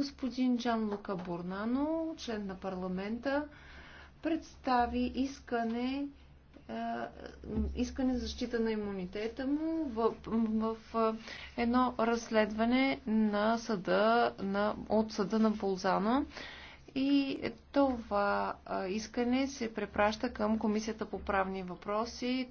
господин Джан Лука Бурнано, член на парламента, представи искане, е, искане за защита на имунитета му в, в, в едно разследване на съда, на, от съда на Болзано. И това искане се препраща към Комисията по правни въпроси.